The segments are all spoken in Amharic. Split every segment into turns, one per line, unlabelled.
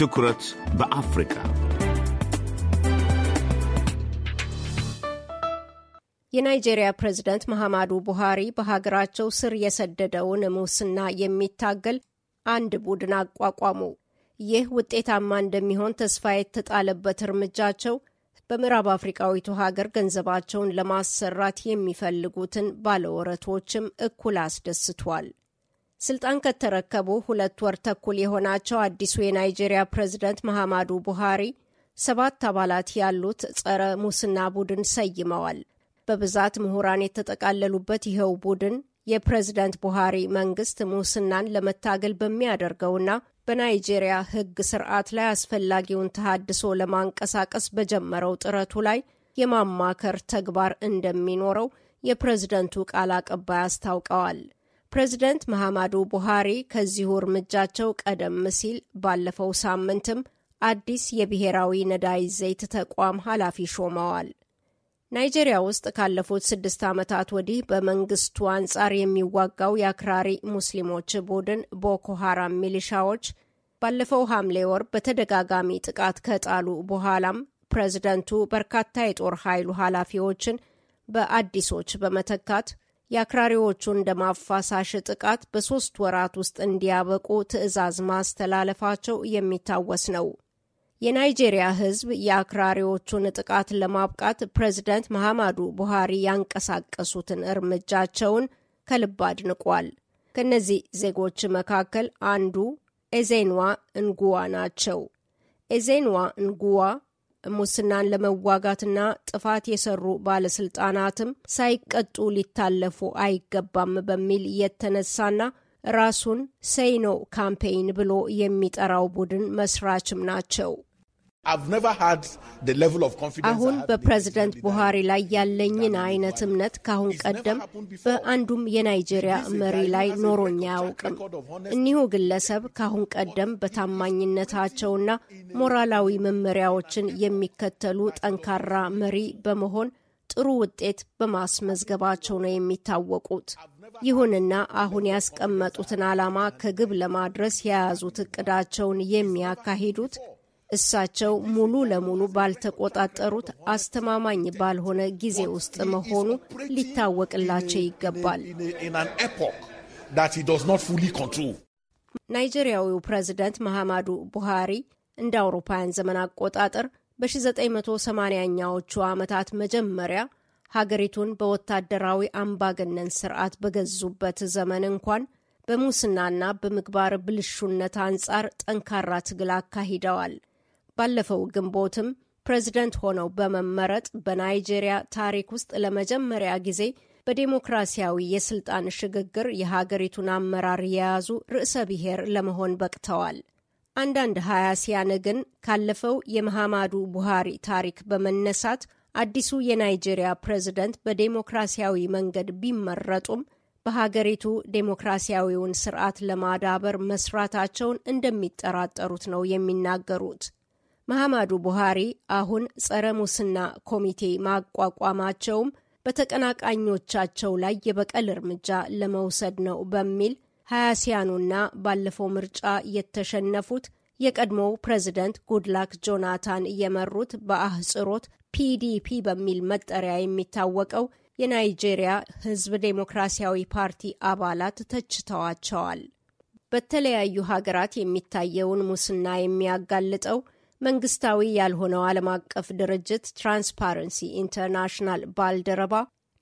ትኩረት በአፍሪካ የናይጄሪያ ፕሬዝደንት መሐማዱ ቡሃሪ በሀገራቸው ስር የሰደደውን ሙስና የሚታገል አንድ ቡድን አቋቋሙ። ይህ ውጤታማ እንደሚሆን ተስፋ የተጣለበት እርምጃቸው በምዕራብ አፍሪካዊቱ ሀገር ገንዘባቸውን ለማሰራት የሚፈልጉትን ባለወረቶችም እኩል አስደስቷል። ስልጣን ከተረከቡ ሁለት ወር ተኩል የሆናቸው አዲሱ የናይጄሪያ ፕሬዝደንት መሐማዱ ቡሃሪ ሰባት አባላት ያሉት ጸረ ሙስና ቡድን ሰይመዋል። በብዛት ምሁራን የተጠቃለሉበት ይኸው ቡድን የፕሬዝደንት ቡሃሪ መንግስት ሙስናን ለመታገል በሚያደርገውና በናይጄሪያ ሕግ ስርዓት ላይ አስፈላጊውን ተሃድሶ ለማንቀሳቀስ በጀመረው ጥረቱ ላይ የማማከር ተግባር እንደሚኖረው የፕሬዝደንቱ ቃል አቀባይ አስታውቀዋል። ፕሬዚደንት መሐማዱ ቡሃሪ ከዚሁ እርምጃቸው ቀደም ሲል ባለፈው ሳምንትም አዲስ የብሔራዊ ነዳጅ ዘይት ተቋም ኃላፊ ሾመዋል። ናይጄሪያ ውስጥ ካለፉት ስድስት ዓመታት ወዲህ በመንግስቱ አንጻር የሚዋጋው የአክራሪ ሙስሊሞች ቡድን ቦኮ ሚሊሻዎች ባለፈው ሐምሌ ወር በተደጋጋሚ ጥቃት ከጣሉ በኋላም ፕሬዝደንቱ በርካታ የጦር ኃይሉ ኃላፊዎችን በአዲሶች በመተካት የአክራሪዎቹን ደም አፋሳሽ ጥቃት በሦስት ወራት ውስጥ እንዲያበቁ ትዕዛዝ ማስተላለፋቸው የሚታወስ ነው። የናይጄሪያ ሕዝብ የአክራሪዎቹን ጥቃት ለማብቃት ፕሬዝደንት መሐማዱ ቡሃሪ ያንቀሳቀሱትን እርምጃቸውን ከልብ አድንቋል። ከእነዚህ ዜጎች መካከል አንዱ ኤዜንዋ እንጉዋ ናቸው። ኤዜንዋ እንጉዋ ሙስናን ለመዋጋትና ጥፋት የሰሩ ባለስልጣናትም ሳይቀጡ ሊታለፉ አይገባም በሚል የተነሳና ራሱን ሰይኖ ካምፔይን ብሎ የሚጠራው ቡድን መስራችም ናቸው። አሁን በፕሬዝደንት ቡሃሪ ላይ ያለኝን አይነት እምነት ካሁን ቀደም በአንዱም የናይጄሪያ መሪ ላይ ኖሮኝ አያውቅም። እኒሁ ግለሰብ ካሁን ቀደም በታማኝነታቸውና ሞራላዊ መመሪያዎችን የሚከተሉ ጠንካራ መሪ በመሆን ጥሩ ውጤት በማስመዝገባቸው ነው የሚታወቁት። ይሁንና አሁን ያስቀመጡትን ዓላማ ከግብ ለማድረስ የያዙት እቅዳቸውን የሚያካሂዱት እሳቸው ሙሉ ለሙሉ ባልተቆጣጠሩት አስተማማኝ ባልሆነ ጊዜ ውስጥ መሆኑ ሊታወቅላቸው ይገባል። ናይጄሪያዊው ፕሬዝደንት መሐማዱ ቡሃሪ እንደ አውሮፓውያን ዘመን አቆጣጠር በ1980ኛዎቹ ዓመታት መጀመሪያ ሀገሪቱን በወታደራዊ አምባገነን ስርዓት በገዙበት ዘመን እንኳን በሙስናና በምግባር ብልሹነት አንጻር ጠንካራ ትግል አካሂደዋል። ባለፈው ግንቦትም ፕሬዝደንት ሆነው በመመረጥ በናይጄሪያ ታሪክ ውስጥ ለመጀመሪያ ጊዜ በዴሞክራሲያዊ የስልጣን ሽግግር የሀገሪቱን አመራር የያዙ ርዕሰ ብሔር ለመሆን በቅተዋል። አንዳንድ ሀያሲያን ግን ካለፈው የመሐማዱ ቡሃሪ ታሪክ በመነሳት አዲሱ የናይጄሪያ ፕሬዝደንት በዴሞክራሲያዊ መንገድ ቢመረጡም በሀገሪቱ ዴሞክራሲያዊውን ስርዓት ለማዳበር መስራታቸውን እንደሚጠራጠሩት ነው የሚናገሩት። መሐማዱ ቡሃሪ አሁን ጸረ ሙስና ኮሚቴ ማቋቋማቸውም በተቀናቃኞቻቸው ላይ የበቀል እርምጃ ለመውሰድ ነው በሚል ሀያሲያኑና ባለፈው ምርጫ የተሸነፉት የቀድሞው ፕሬዚደንት ጉድላክ ጆናታን የመሩት በአህጽሮት ፒዲፒ በሚል መጠሪያ የሚታወቀው የናይጄሪያ ሕዝብ ዴሞክራሲያዊ ፓርቲ አባላት ተችተዋቸዋል። በተለያዩ ሀገራት የሚታየውን ሙስና የሚያጋልጠው መንግስታዊ ያልሆነው ዓለም አቀፍ ድርጅት ትራንስፓረንሲ ኢንተርናሽናል ባልደረባ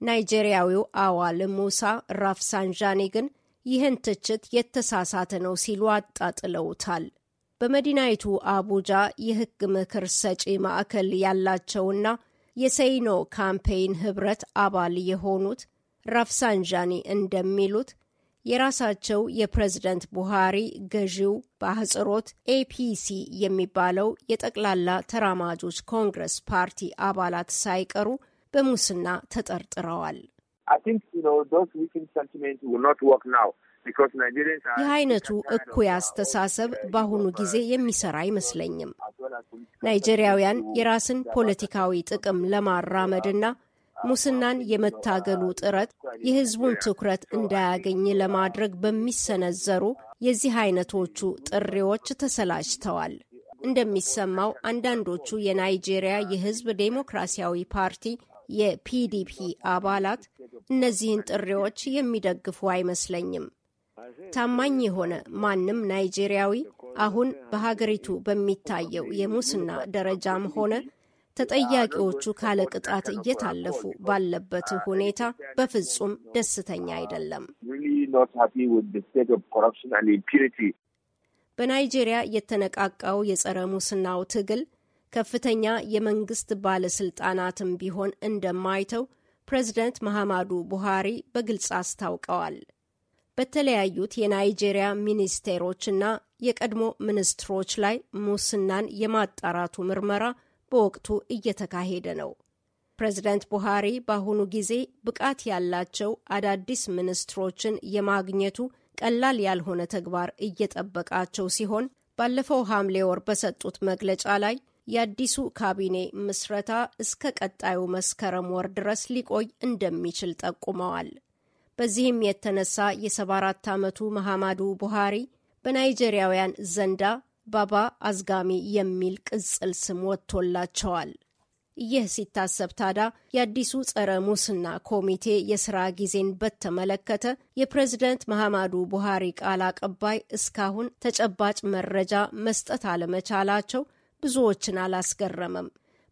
ናይጄሪያዊው አዋል ሙሳ ራፍሳንጃኒ ግን ይህን ትችት የተሳሳተ ነው ሲሉ አጣጥለውታል። በመዲናይቱ አቡጃ የህግ ምክር ሰጪ ማዕከል ያላቸውና የሰይኖ ካምፔይን ህብረት አባል የሆኑት ራፍሳንጃኒ እንደሚሉት የራሳቸው የፕሬዝደንት ቡሃሪ ገዢው በአህጽሮት ኤፒሲ የሚባለው የጠቅላላ ተራማጆች ኮንግረስ ፓርቲ አባላት ሳይቀሩ በሙስና ተጠርጥረዋል። ይህ አይነቱ እኩይ አስተሳሰብ በአሁኑ ጊዜ የሚሰራ አይመስለኝም። ናይጄሪያውያን የራስን ፖለቲካዊ ጥቅም ለማራመድና ሙስናን የመታገሉ ጥረት የህዝቡን ትኩረት እንዳያገኝ ለማድረግ በሚሰነዘሩ የዚህ አይነቶቹ ጥሪዎች ተሰላጭተዋል። እንደሚሰማው አንዳንዶቹ የናይጄሪያ የህዝብ ዴሞክራሲያዊ ፓርቲ የፒዲፒ አባላት እነዚህን ጥሪዎች የሚደግፉ አይመስለኝም። ታማኝ የሆነ ማንም ናይጄሪያዊ አሁን በሀገሪቱ በሚታየው የሙስና ደረጃም ሆነ ተጠያቂዎቹ ካለ ቅጣት እየታለፉ ባለበት ሁኔታ በፍጹም ደስተኛ አይደለም። በናይጄሪያ የተነቃቃው የጸረ ሙስናው ትግል ከፍተኛ የመንግስት ባለስልጣናትም ቢሆን እንደማይተው ፕሬዚደንት መሐማዱ ቡሃሪ በግልጽ አስታውቀዋል። በተለያዩት የናይጄሪያ ሚኒስቴሮችና የቀድሞ ሚኒስትሮች ላይ ሙስናን የማጣራቱ ምርመራ በወቅቱ እየተካሄደ ነው። ፕሬዚደንት ቡሃሪ በአሁኑ ጊዜ ብቃት ያላቸው አዳዲስ ሚኒስትሮችን የማግኘቱ ቀላል ያልሆነ ተግባር እየጠበቃቸው ሲሆን ባለፈው ሐምሌ ወር በሰጡት መግለጫ ላይ የአዲሱ ካቢኔ ምስረታ እስከ ቀጣዩ መስከረም ወር ድረስ ሊቆይ እንደሚችል ጠቁመዋል። በዚህም የተነሳ የ74 ዓመቱ መሐማዱ ቡሃሪ በናይጄሪያውያን ዘንዳ ባባ አዝጋሚ የሚል ቅጽል ስም ወጥቶላቸዋል። ይህ ሲታሰብ ታዳ የአዲሱ ጸረ ሙስና ኮሚቴ የስራ ጊዜን በተመለከተ የፕሬዝደንት መሐማዱ ቡሃሪ ቃል አቀባይ እስካሁን ተጨባጭ መረጃ መስጠት አለመቻላቸው ብዙዎችን አላስገረመም።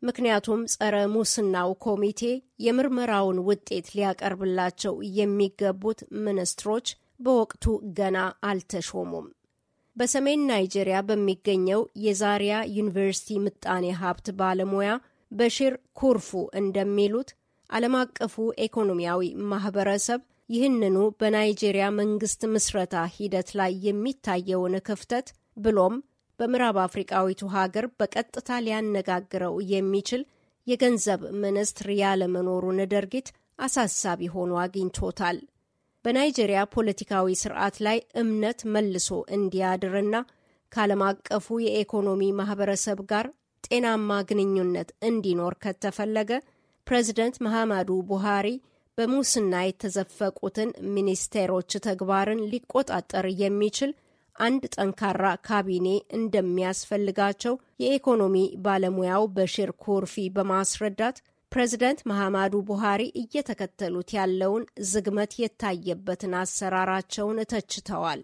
ምክንያቱም ጸረ ሙስናው ኮሚቴ የምርመራውን ውጤት ሊያቀርብላቸው የሚገቡት ሚኒስትሮች በወቅቱ ገና አልተሾሙም። በሰሜን ናይጄሪያ በሚገኘው የዛሪያ ዩኒቨርሲቲ ምጣኔ ሀብት ባለሙያ በሺር ኩርፉ እንደሚሉት ዓለም አቀፉ ኢኮኖሚያዊ ማህበረሰብ ይህንኑ በናይጄሪያ መንግስት ምስረታ ሂደት ላይ የሚታየውን ክፍተት ብሎም በምዕራብ አፍሪቃዊቱ ሀገር በቀጥታ ሊያነጋግረው የሚችል የገንዘብ ሚኒስትር ያለመኖሩን ድርጊት አሳሳቢ ሆኖ አግኝቶታል። በናይጄሪያ ፖለቲካዊ ስርዓት ላይ እምነት መልሶ እንዲያድርና ከዓለም አቀፉ የኢኮኖሚ ማህበረሰብ ጋር ጤናማ ግንኙነት እንዲኖር ከተፈለገ ፕሬዚደንት መሐማዱ ቡሃሪ በሙስና የተዘፈቁትን ሚኒስቴሮች ተግባርን ሊቆጣጠር የሚችል አንድ ጠንካራ ካቢኔ እንደሚያስፈልጋቸው የኢኮኖሚ ባለሙያው በሽር ኩርፊ በማስረዳት ፕሬዚደንት መሐማዱ ቡሃሪ እየተከተሉት ያለውን ዝግመት የታየበትን አሰራራቸውን ተችተዋል።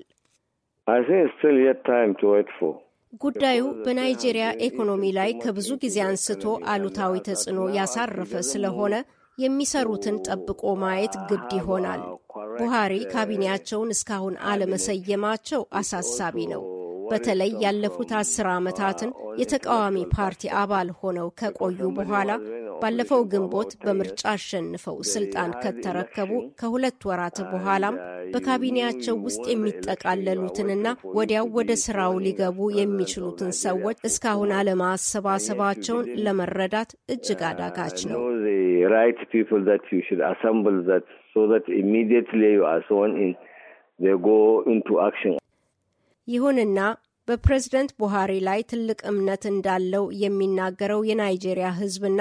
ጉዳዩ በናይጄሪያ ኢኮኖሚ ላይ ከብዙ ጊዜ አንስቶ አሉታዊ ተጽዕኖ ያሳረፈ ስለሆነ የሚሰሩትን ጠብቆ ማየት ግድ ይሆናል። ቡሃሪ ካቢኔያቸውን እስካሁን አለመሰየማቸው አሳሳቢ ነው። በተለይ ያለፉት አስር ዓመታትን የተቃዋሚ ፓርቲ አባል ሆነው ከቆዩ በኋላ ባለፈው ግንቦት በምርጫ አሸንፈው ስልጣን ከተረከቡ ከሁለት ወራት በኋላም በካቢኔያቸው ውስጥ የሚጠቃለሉትንና ወዲያው ወደ ስራው ሊገቡ የሚችሉትን ሰዎች እስካሁን አለማሰባሰባቸውን ለመረዳት እጅግ አዳጋች ነው። ይሁንና በፕሬዝደንት ቡሃሪ ላይ ትልቅ እምነት እንዳለው የሚናገረው የናይጄሪያ ሕዝብና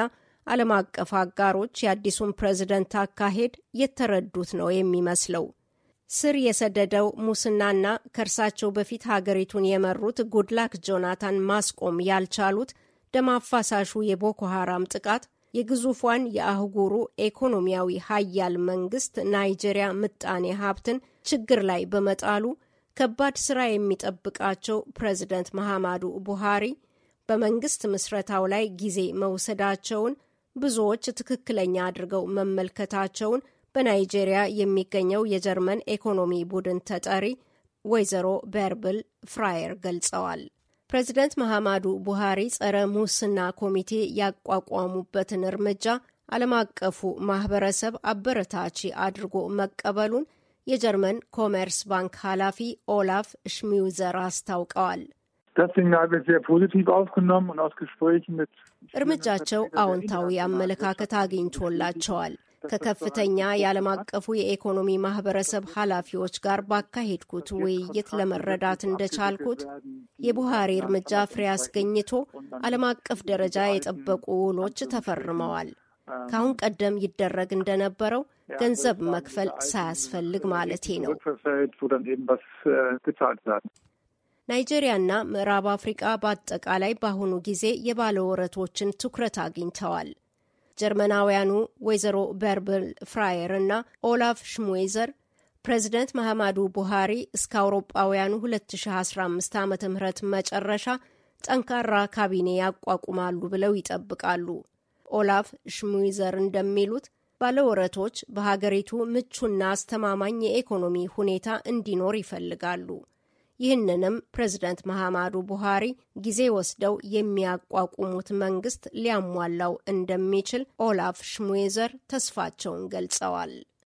ዓለም አቀፍ አጋሮች የአዲሱን ፕሬዝደንት አካሄድ የተረዱት ነው የሚመስለው። ስር የሰደደው ሙስናና ከእርሳቸው በፊት ሀገሪቱን የመሩት ጉድላክ ጆናታን ማስቆም ያልቻሉት ደም አፋሳሹ የቦኮ ሐራም ጥቃት የግዙፏን የአህጉሩ ኢኮኖሚያዊ ሀያል መንግስት ናይጄሪያ ምጣኔ ሀብትን ችግር ላይ በመጣሉ ከባድ ስራ የሚጠብቃቸው ፕሬዝደንት መሐማዱ ቡሃሪ በመንግስት ምስረታው ላይ ጊዜ መውሰዳቸውን ብዙዎች ትክክለኛ አድርገው መመልከታቸውን በናይጄሪያ የሚገኘው የጀርመን ኢኮኖሚ ቡድን ተጠሪ ወይዘሮ በርብል ፍራየር ገልጸዋል። ፕሬዚደንት መሐማዱ ቡሃሪ ጸረ ሙስና ኮሚቴ ያቋቋሙበትን እርምጃ ዓለም አቀፉ ማህበረሰብ አበረታቺ አድርጎ መቀበሉን የጀርመን ኮሜርስ ባንክ ኃላፊ ኦላፍ ሽሚውዘር አስታውቀዋል። sehr positiv aufgenommen und aus Gesprächen mit እርምጃቸው አዎንታዊ አመለካከት አግኝቶላቸዋል። ከከፍተኛ የዓለም አቀፉ የኢኮኖሚ ማህበረሰብ ኃላፊዎች ጋር ባካሄድኩት ውይይት ለመረዳት እንደቻልኩት የቡሃሪ እርምጃ ፍሬ አስገኝቶ ዓለም አቀፍ ደረጃ የጠበቁ ውሎች ተፈርመዋል። ähm, ከአሁን ቀደም ይደረግ እንደነበረው ገንዘብ መክፈል ሳያስፈልግ ማለቴ ነው። ናይጄሪያና ምዕራብ አፍሪቃ በአጠቃላይ በአሁኑ ጊዜ የባለ ወረቶችን ትኩረት አግኝተዋል። ጀርመናውያኑ ወይዘሮ በርብል ፍራየር እና ኦላፍ ሽሙዌዘር ፕሬዚደንት መሐማዱ ቡሃሪ እስከ አውሮጳውያኑ 2015 ዓ ም መጨረሻ ጠንካራ ካቢኔ ያቋቁማሉ ብለው ይጠብቃሉ። ኦላፍ ሽሙዘር እንደሚሉት ባለወረቶች በሀገሪቱ ምቹና አስተማማኝ የኢኮኖሚ ሁኔታ እንዲኖር ይፈልጋሉ። ይህንንም ፕሬዝደንት መሐማዱ ቡሃሪ ጊዜ ወስደው የሚያቋቁሙት መንግስት ሊያሟላው እንደሚችል ኦላፍ ሽሙዌዘር ተስፋቸውን ገልጸዋል።